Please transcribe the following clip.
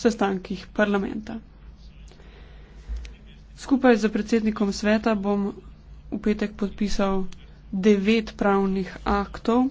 sestankih parlamenta. Skupaj z predsednikom sveta bom v petek podpisal devet pravnih aktov,